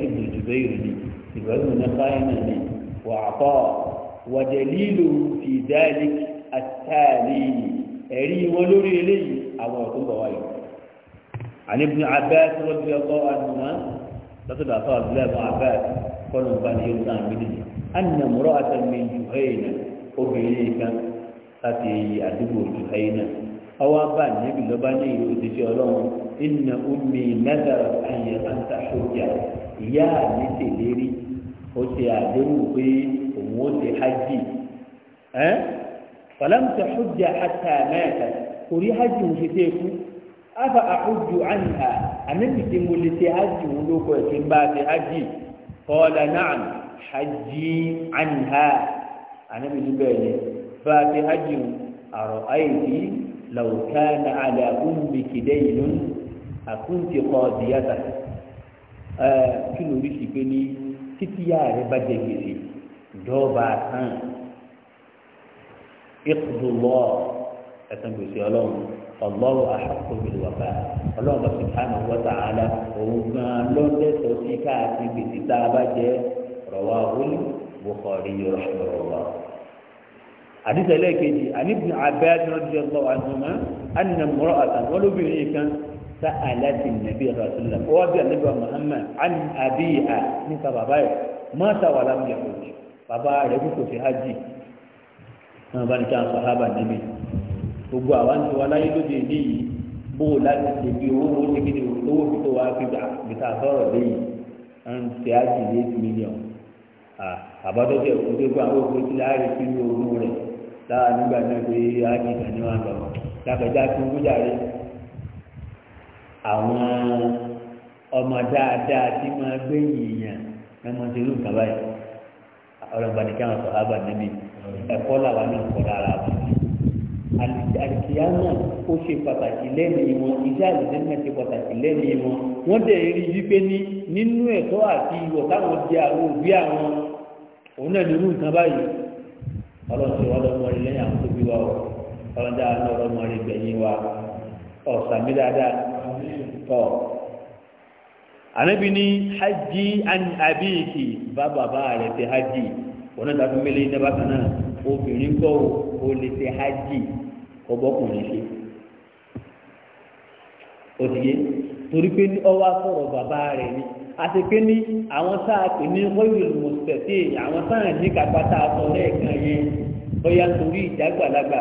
ni ni fi kọ́nà bá ní yóò sáà mílì anna mọ́rọ́ àtàmì juhaina obìnrin kan láti àdúgbò juhaina ọwọ́ bá níbi lọ́ba ní ìlú òṣìṣẹ́ ọlọ́run inna omi nàdàrà ayé àǹtà sójà ìyá mi ti lérí ó ti àdéhùn pé òun ó ti hajj ẹ́ fàlámsà sójà àtà mẹ́ta kò rí hajj òun ṣe dé afa àkójù àyà àmì ti mo lè ṣe hajj òun ló kọ bá ṣe hajj kọ́ọ̀lá náà hajji anha anabi níbẹ̀ ni bá a ti hajji àrọ̀ àìsí làwùká na àlẹ́ àkúnbi kìdẹ́ ìlú àkúntì kọ́ ọ̀dìyàtà kí ló rí sí pé ní títí yá rẹ bá jẹ gbèsè dọ́ọ̀bà tán ọlọ́run àṣàkó ìwàgbà ọlọ́run subhanahu wa ta'ala òun gan lọ́lẹ́sọ̀ sí káàkiri gbèsè tá a bá jẹ́ rọ̀wá wọlé bukhari rahimahullah. àdìsẹ́ lẹ́ẹ̀kejì àníbùn abẹ́rẹ́ radiyallahu anhuma anna imra'atan wọ́n lóbìnrin kan sa alati nabi rasulillah wọ́n bí anabi wa muhammad an abiyiha nípa bàbá yẹ mọ́tà wà lámúyà kò jù gbogbo àwa ń tiwa láyé lóde ìdí yìí bó o láti ṣe bí owó owó ṣe kéde owó fi tó wá fi gbà bí ká sọ̀rọ̀ léyìí ń ṣe ájì ní eight million àbádọ́jọ́ ẹ̀kú tó gbọ́ àwọn òfin sílẹ̀ àárẹ̀ sí ní ogún rẹ̀ lára nígbà náà pé ájì ìdáni wà lọ lápẹjá tó ń gbúdà rẹ̀ àwọn ọmọ dáadáa tí máa gbé yìnyín ẹ̀ mọ̀ ṣe ló ń kàbáyé ọlọ́mọba ní kí sọ̀rọ̀ àbà níbi ẹ̀kọ́ làwọn náà kọ́ lára àbùkù àkíyámọ̀ ó ṣe pàtàkì lẹ́mìí wọn iṣẹ́ àlùjẹ́mọ̀ ṣe pàtàkì lẹ́mìí wọn wọ́n dẹ̀ rí wípé ní nínú ẹ̀tọ́ àti ìwọ̀ táwọn di àwọn òbí àwọn òun náà nínú nǹkan báyìí ọlọ́sẹ̀ ọlọ́mọrin lẹ́yìn àwọn tó bí wa ọ ọlọ́dà ọlọ́mọrin gbẹ̀yìn wa ọ̀sàmì dáadáa tọ́ ànábi ní hajj abíyìkì bá bàbá rẹ̀ ti hajj òun náà tàbí mélòó iná bákan náà obìnrin kọ́ ò lè ti hajj ọbọkùnrin ṣe òdìye torí pé ọwọ́ asọ̀rọ̀ bàbá rẹ̀ ni àti pé ní àwọn tá a pè ní royal mustapha àwọn tá à ní kápá tá a sọ lẹ́ẹ̀kan yẹn bóyá torí ìjágbàlagbà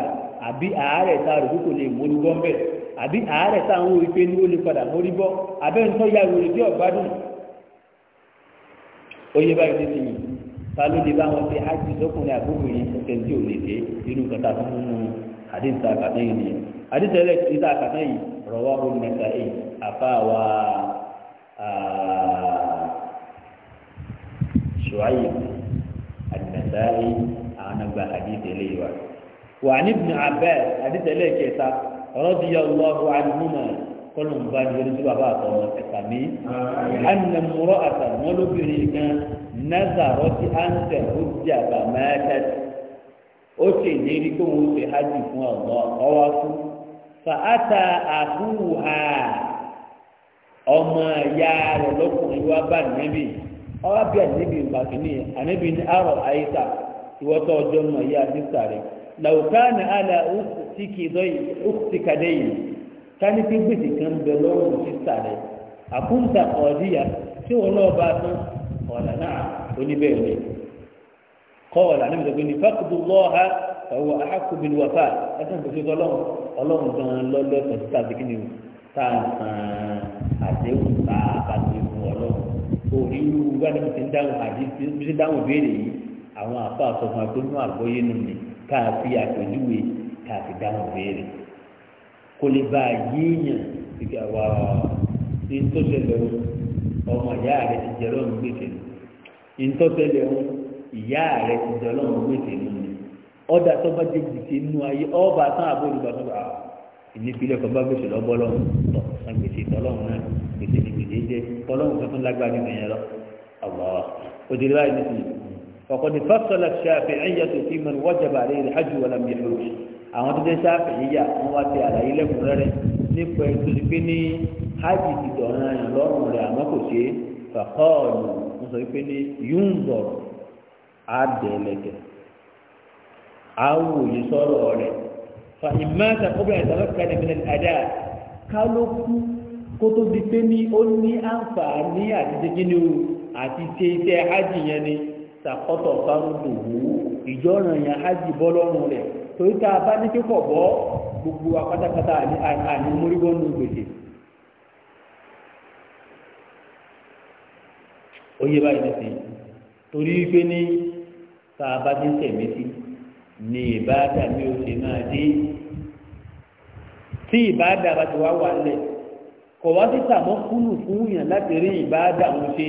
àbí àárẹ̀ tá a rò kókò lè mórí gọ́ńbẹ̀ àbí àárẹ̀ tá àwọn òwe pé ní ó lè padà mórí bọ́ abẹ́ńtọ́ ya wòlé bí ọ̀gbádùn oyè báyìí ti yìn ta ló lè bá wọn ṣe ájú sọkùnrin àbúrò yìí ọ̀sẹ̀ tí ò lè dé irú kọta fún un hadith ta kàtẹ́ yìí nìyẹn hadith ẹlẹ́ ìta kàtẹ́ yìí rọwọ́ ọ̀hún mẹ́ta yìí àfáàwà ṣùáyì àdìmẹ́ta yìí àwọn àgbà hadith ẹlẹ́ yìí wà. wà ní ibùdó abẹ́ hadith ẹlẹ́ kẹta ọ̀rọ̀ ti yọ ọlọ́ọ̀hún àdìmúmọ̀ kọlùn ní ẹni tí bàbá àtọmọ ẹ̀ka mi ànà múrọ̀ àtàwọn olóbìnrin kan náà zàrọ̀ ti à ó di àbàmẹ́tẹ́tẹ́ ó ṣe ìlérí tó wọ́n ṣe hajj fún ọ̀gbọ́n ọwọ́ fún fàáta àbúhà ọmọ ìyá rẹ̀ lọ́kùnrin wá bá nẹ́bì ọwọ́ bí ànẹ́bì bàkínì ànẹ́bì ní àrọ̀ àyíṣà ìwọ́tọ̀ ọjọ́ mọ̀ ìyá sísà rẹ̀ làwùkánì àlà òkùtìkàdé yìí káni pé gbèsè kan bẹ lọ́wọ́ sísà rẹ̀ àkúntà ọ̀díyà tí wọn náà bá tán ọ̀là náà oníbẹ̀rẹ̀ kọ́ọ̀lù ànábì sọ pé ní fákùtù lọ́ha ọ̀wọ́ àkùbìlì wàfà ẹ̀sìn kò sí ọlọ́run ọlọ́run gan lọ́lọ́ ẹ̀sìn títà sí kíni o tá a san àdéhùn tá a bá ti fún ọlọ́run orí irú gbàdúrà ti ń dáhùn àdí bí ṣe dáhùn béèrè yìí àwọn àpá àtọkùn àgbóyún àgbóyé nù ní káàfi àpèjúwe káàfi dáhùn béèrè kò lè bá a yéèyàn ìgbà wà ní tó ṣẹlẹ̀ ọmọ ìyá rẹ̀ ti jẹ́rọ̀ ń gbèsè ní tó ṣẹlẹ̀ ọ̀hún ìyá rẹ ti di ọlọ́run gbèsè nù ni ọ̀dà tó bá jẹ gbèsè nù ayé ọba tán àbó olùgbà tó bá ah, ìnípìlẹ̀ kan bá gbèsè lọ́bọ́ lọ́run tọ̀ san gbèsè tọ́lọ́run náà gbèsè ní gbèsè jẹ tọ́lọ́run kan tó lágbára nínú yẹn lọ ọ̀wọ́ òdìrí báyìí ní ti ọ̀kọ́ ni fásitọ́lá ṣáfẹ̀ ẹ̀yà tó fi mọ̀ wọ́jàbà rẹ̀ ìhájú wọlé mi lò àwọn tó ní hajj ti dọ̀ràn a àwòye sọ̀rọ̀ rẹ̀ fa ìmáàtà kọ́bí àìsàlọ́kà ní ìpínlẹ̀ kálókù kó tó di pé ní ó ní àǹfààní àti o àti ṣe iṣẹ́ hajj yẹn ni sàkọ́tọ̀ fárúdò wò ìjọ́ràn yẹn hajj bọ́ lọ́rùn rẹ̀ torí tá a bá ní kíkọ̀ bọ́ gbogbo apátápátá àní mórígbọ́nù gbèsè ó yé báyìí nísìnyí torí pé ní tá a bá ti tẹ̀mí sí ni ìbáàdà mi ò ṣe máa dé tí ìbáàdà bá ti wá wà lẹ̀ kò wá sí sàmọ́ kúlù fún yàn láti rí ìbáàdà wọn ṣe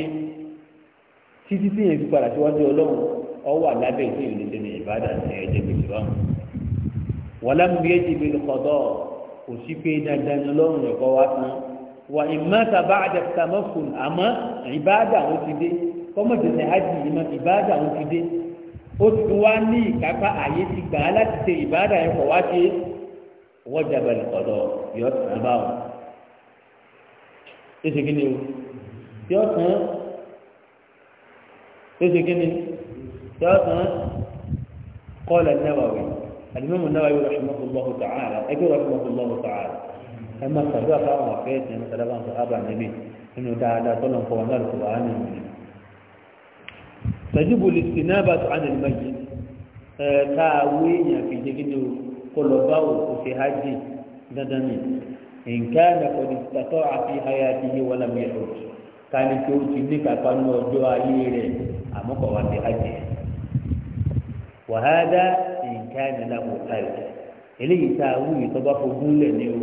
títí tí yẹn fi padà síwájú ọlọ́run ọwọ́ àlábẹ́ ìwé ìlú ṣe ní ìbáàdà ní ẹ̀jẹ̀ gbèsè wa wọ́n lámúbi ẹ̀jẹ̀ ìbí lọ́kọ̀dọ́ kò sí pé dandan ọlọ́run ẹ̀kọ́ wá tán wà ìmọ̀ta bá àjẹsàmọ́kùn àmọ́ ìbáàdà wọn ti dé kọ́mọ̀tẹ̀sẹ̀ ó tún wá ní ìkápá àyè ti gbà á láti ṣe ìbáàdà yẹn kọ̀ wá sí wọ́n jàbẹ̀lẹ̀ kọ̀dọ̀ yọ tán báwò ṣéṣe kí ni o yọ tán ṣéṣe kí ni yọ tán kọ́lẹ̀ náwàwí alimami náwàwí rahmatulahi ta'ala ẹgbẹ́ rahmatulahi ta'ala ẹ máa sàdúrà fáwọn afẹ́ ẹ̀sìn ẹ̀ máa sàdúrà fáwọn afẹ́ àbànẹ́bí nínú dáadáa tọ́lọ̀ ń kọ́ náà lọ́kọ̀ tàjíbò lè sì náà bá tó ànà ìmájì káàwé èèyàn fi jẹ́ gínú kọlọ̀bá òkú ṣe hajj dandan ni nǹkan àkọ́dí tàtọ́ àti ayé àti iye wọlé mi rò káni tó ti ní kápá ní ọjọ́ ayé rẹ̀ àmọ́kọ̀ wá sí hajj wàhálà nǹkan àlàmù káyọ̀ eléyìí tá a wú ìtọ́ba fogún lẹ̀ ní o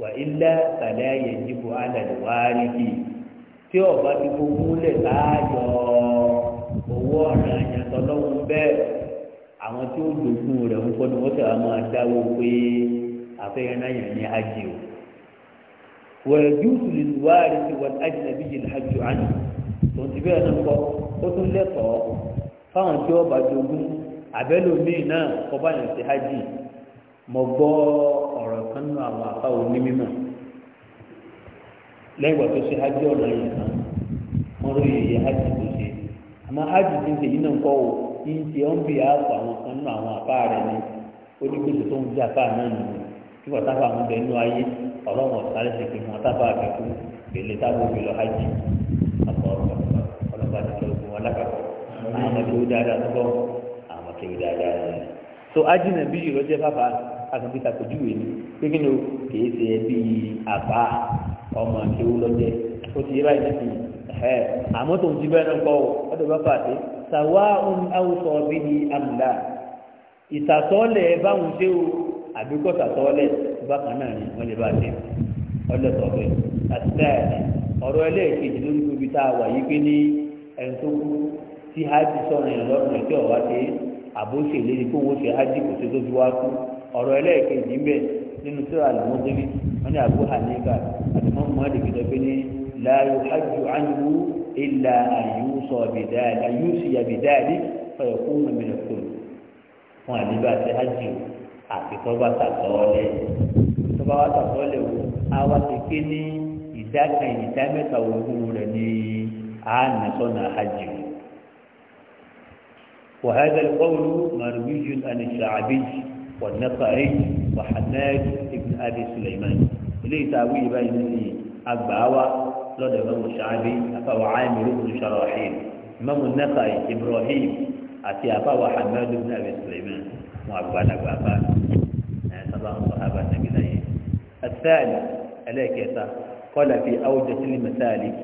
wà ilá kàlẹ́ àyẹ̀jìbò alẹ́ wàá rí bí ọba ti fogún lẹ̀ láàyọ̀ owó ọ̀ràn àyàtọ̀ lọ́wọ́n bẹ́ẹ̀ àwọn tí ó dògún rẹ̀ ń kọ́ ni wọ́n tẹ̀wá máa dáwọ́ pé àfẹ́yẹn náà yàn ní hajj o wọ̀rẹ̀ júùsù lè wá rí sí wọn hajj nàbí yìí hajj àná tòun ti bẹ́ẹ̀ náà kọ́ ó tún lẹ́tọ̀ọ́ fáwọn tí wọ́n bá dògún àbẹ́lòmíì náà kọ́ bá yàn sí hajj mo gbọ́ ọ̀rọ̀ kan nínú àwọn àfa onímọ̀ lẹ́yìn wà tó ṣe hajj ọ̀nà yìí kan wọ́n lóye hajj tó ṣe àmọ́ hajj ti ń tèyí náà kọ́ o yìí ti ọ́n bí àpò àwọn kan nínú àwọn àpá rẹ̀ ni ó ní gbèsè tó ń jẹ́ àpá náà nù kí wọ́n tábà ń bẹ nínú ayé pé wọ́n tábà kú hajj àpò dáadáa tó bọ́ àwọn dáadáa rẹ̀ so hajj náà bí yìí ni pé kí ni o kì í ẹ àmọ́ ti bẹ́ẹ̀ o bá pàdé sàwa ń awùsọ bí ní amúlá ìsàtọ́lẹ̀ báwọn ṣe o àbíkọ́ sàtọ́lẹ̀ bákan náà ni wọ́n lè bá ṣe ọlọ́sọ̀ bẹ́ẹ̀ àti táyà ọ̀rọ̀ ẹlẹ́ẹ̀kejì lórí tá a wà yí pé ní ẹni tó kú tí hajj sọ̀rọ̀ yẹn lọ́dún ọ̀wá ṣe hajj kò ṣe tó fi wá kú ọ̀rọ̀ ẹlẹ́ẹ̀kejì ń bẹ̀ nínú wọ́n ní láàyò hajj ánìwò ilà àyùsọ bìdáàlì àyùsìyà bìdáàlì fẹ̀yọ̀kú mẹ́mẹ́lẹ̀ kò wọn àdébà ti hajj àti tọ́ba tàtọ́ọ́lẹ̀ tọ́ba wa tàtọ́ọ́lẹ̀ wo àwa ti ké ní ìdá kan ìdá rẹ̀ ní àánàtọ́nà hajj. وهذا القول مروي عن الشعبي والنقعي وحماد بن ابي سليمان eléyìí tá a wí لدى امام الشعبي افاو àìmìrì بن شراحيل امام ibrahim ابراهيم اتي افاو حماد بن ابي سليمان àgbàlagbà bá آه، الثاني قال في أوجة المسالك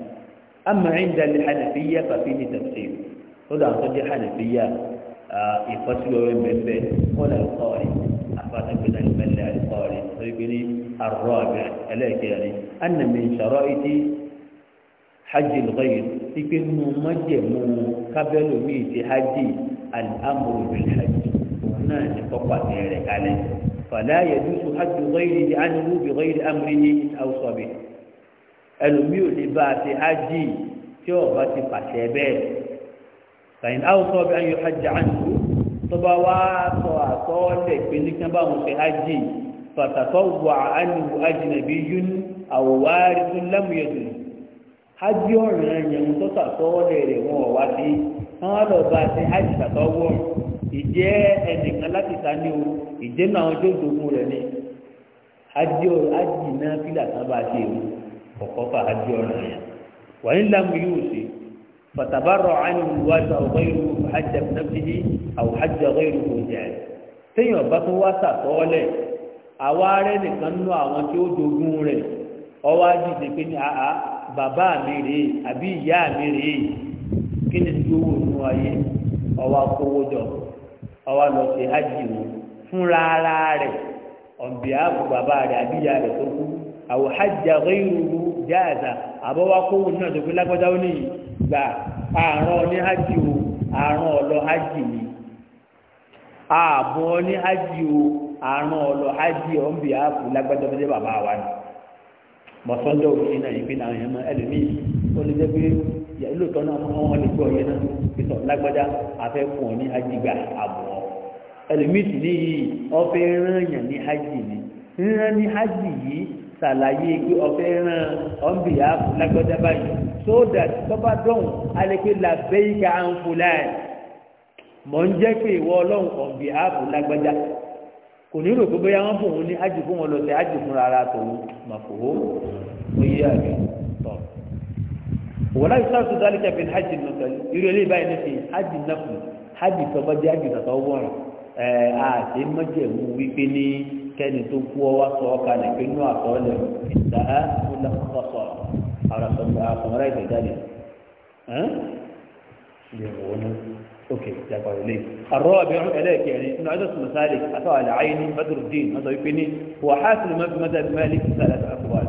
أما عند الحنفية ففيه تفسير هذا أنتج حنفية آه، يفصل بين قال القارئ أخبرنا بن الملا القارئ طيب، يعني الرابع يعني أن من شرائط hajj lọ́yìn ipe mu mọ́jẹ̀mú kábẹ́lú mi ti hajj alámúrò bí hajj náà ní kọ́kọ́ àti rẹ̀ kalẹ̀ fàlẹ́ àyẹ̀dúsù hajj lọ́yìn ní ánìwú bí lọ́yìn amúrí ní àwùsọ̀bì ẹlòmíì ò lè bá a ti hajj tí ọba ti pàṣẹ bẹ́ẹ̀ fàyìn àwùsọ̀bì ayọ̀ hajj ànìwú tọba wa sọ àtọ́lẹ̀ pé ní kí wọ́n bá wọn fi hajj fàtàkọ́ wà ánìwú ajínàbí yún àwòwárí tún lámúyẹ̀dùn ájí ọ̀rìn ẹ̀yẹ̀wò tó sàtọ́wọ́lẹ̀ rẹ̀ wọn ò wá sí wọn á lọ bá ṣe ájí sàtọ́wọ́ ìjẹ́ ẹnìkan láti ta ní o ìjẹ́ náà àwọn tó dogun rẹ̀ ni ájí náà fílà tán bá ṣe o kọ̀kọ́ fà ájí ọ̀rìn ẹ̀yẹ̀ wà ní lámù yóò ṣe fàtàbárọ̀ àánú wájú àwọn ìlú hajj nàbíyí àwọn hajj àwọn ìlú òjẹ́ téèyàn bá tó wá sàtọ́wọ́lẹ̀ àwa rẹ̀ nìkan nú àwọn tí ó dogun rẹ̀ ọwọ́ ájí ṣe pé ní àá bàbá mi rèé àbí ìyá mi rèé kí ni tí owó inú ayé ọwọ́ akówó jọ ọwọ́ lọ sí ájì wọn fúnra ara rẹ̀ ọ̀nbí ààbò bàbá rẹ̀ àbí ìyá rẹ̀ tó kú àwọn hajjá rírù jáàzà àbọ̀wá kówó náà tó fi lágbọ́dá ó ní ìgbà àrùn ní hajj o àrùn ọ̀lọ́ hajj ni ààbọ̀ ní hajj o àrùn ọ̀lọ́ hajj ọ̀nbí ààbò lágbọ́dá ó ní bàbá wa ni mọ̀sọ́jọ́ òní náà yìí pé náà yẹn máa ẹlòmí ó lè jẹ́ pé lóòótọ́ náà wọ́n wọ́n lè gbọ́ yẹn náà pé sọ lágbájá afẹ́ fún ọ ní ajígbà àbọ̀ ẹlòmí sì ní yìí ọfẹ́ rán ní hajj ni rán ní hajj yìí sàlàyé pé ọfẹ́ rán ọ̀nbìyà lágbájá báyìí sódà tọ́ba dọ̀hùn alẹ́pẹ́ làbẹ́yìká àǹfọ̀láì mọ̀ ń jẹ́ pé ìwọ ọlọ́run ọ̀nbìyà lágbájá kò ní rò pé bóyá wọn fòun ní ájì fún wọn lọ sí ájì fúnra ara tòun màfòwó oyè àgbẹ̀ tọ wọlá ìsáàtú dálí kẹfìn ájì nàfẹ irú eléyìí báyìí nìkan ájì nàfẹ ájì jẹ ájì ẹ àti mọjẹmú wípé ní kẹni tó kú sọ pé ìdá sọ ẹ اوكي يقول لي الرابع الاك يعني من عدد المسالك اتى العين بدر الدين هذا يبني هو حاصل ما بمدى مالك ثلاث اقوال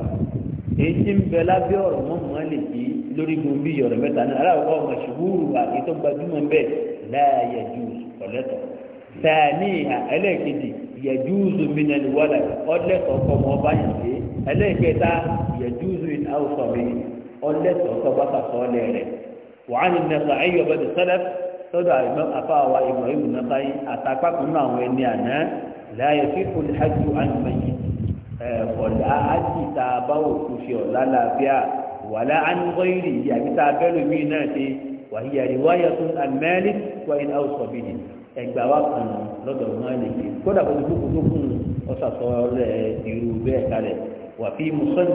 ايتم بلا بيور من مالك لوري غومبي يور متى انا لا هو مشهور وايتم بدون به لا يجوز ولته ثانيها الاك دي يجوز من الولد قلت وقم وبين الاك ده يجوز ان اوصى به قلت وقبط صالح وعن النصعي وبدل السلف sọ́dọ̀ àìgbọ́n àfáàwà ibrahim nàbáyé àtàpá kan náà àwọn ẹni àná láàyè fífò hajj àjùmọ̀yì ọ̀là ájì tá a bá òkú ṣe ọ̀là làbíà wàlá ánúgọ́yìrì yìí àbí tá a bẹ́rù mí náà ṣe wàhíyà ìwáyà tó amẹ́lí wáyé náà sọ bí ni ẹgbàá wa kan lọ́dọ̀ mọ́lẹ̀kì kódà kó dùkú tó kún ọ̀sàtọ̀ rẹ̀ irú bẹ́ẹ̀ kalẹ̀ wà fí musọ́nù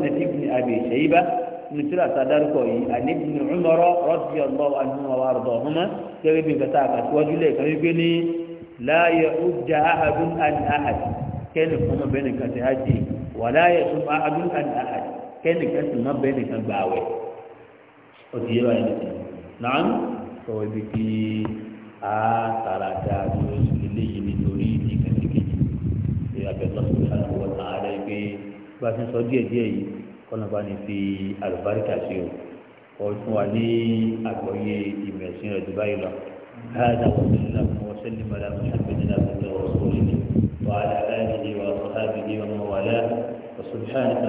nìtura sadarikọ yìí àníbi ní ọmọrọ rọsí ọlọ àdúgbò wa rọdọ ọhúnmá gẹgẹ bí nǹkan tá a kà síwájú lẹẹkan wípé ní láàyè ọjà ahadun àti ahad kẹ́ni fún ọmọ bẹ́ẹ̀ nìkan ti hajj wà láàyè fún ahadun àti ahad kẹ́ni kan sì má bẹ́ẹ̀ nìkan gbà wẹ̀ ọtí yẹ báyìí nìkan náà sọ ibi tí a tara dáa dúró sílé yìí nítorí nìkan ti kejì ìyàgbẹ́ lọ́sọ̀rọ̀ àwọn ọ̀tá rẹ̀ gbé bá a ti sọ díẹ̀díẹ̀ yìí kọ́nà bá ní fi àlùbáríkà sí o kò fún wa ní àgbọ̀yé ìmẹ̀sìn rẹ̀ dubai lọ. هذا وصلى الله وسلم على محمد عبده ورسوله وعلى اله وصحبه ومن والاه وسبحانك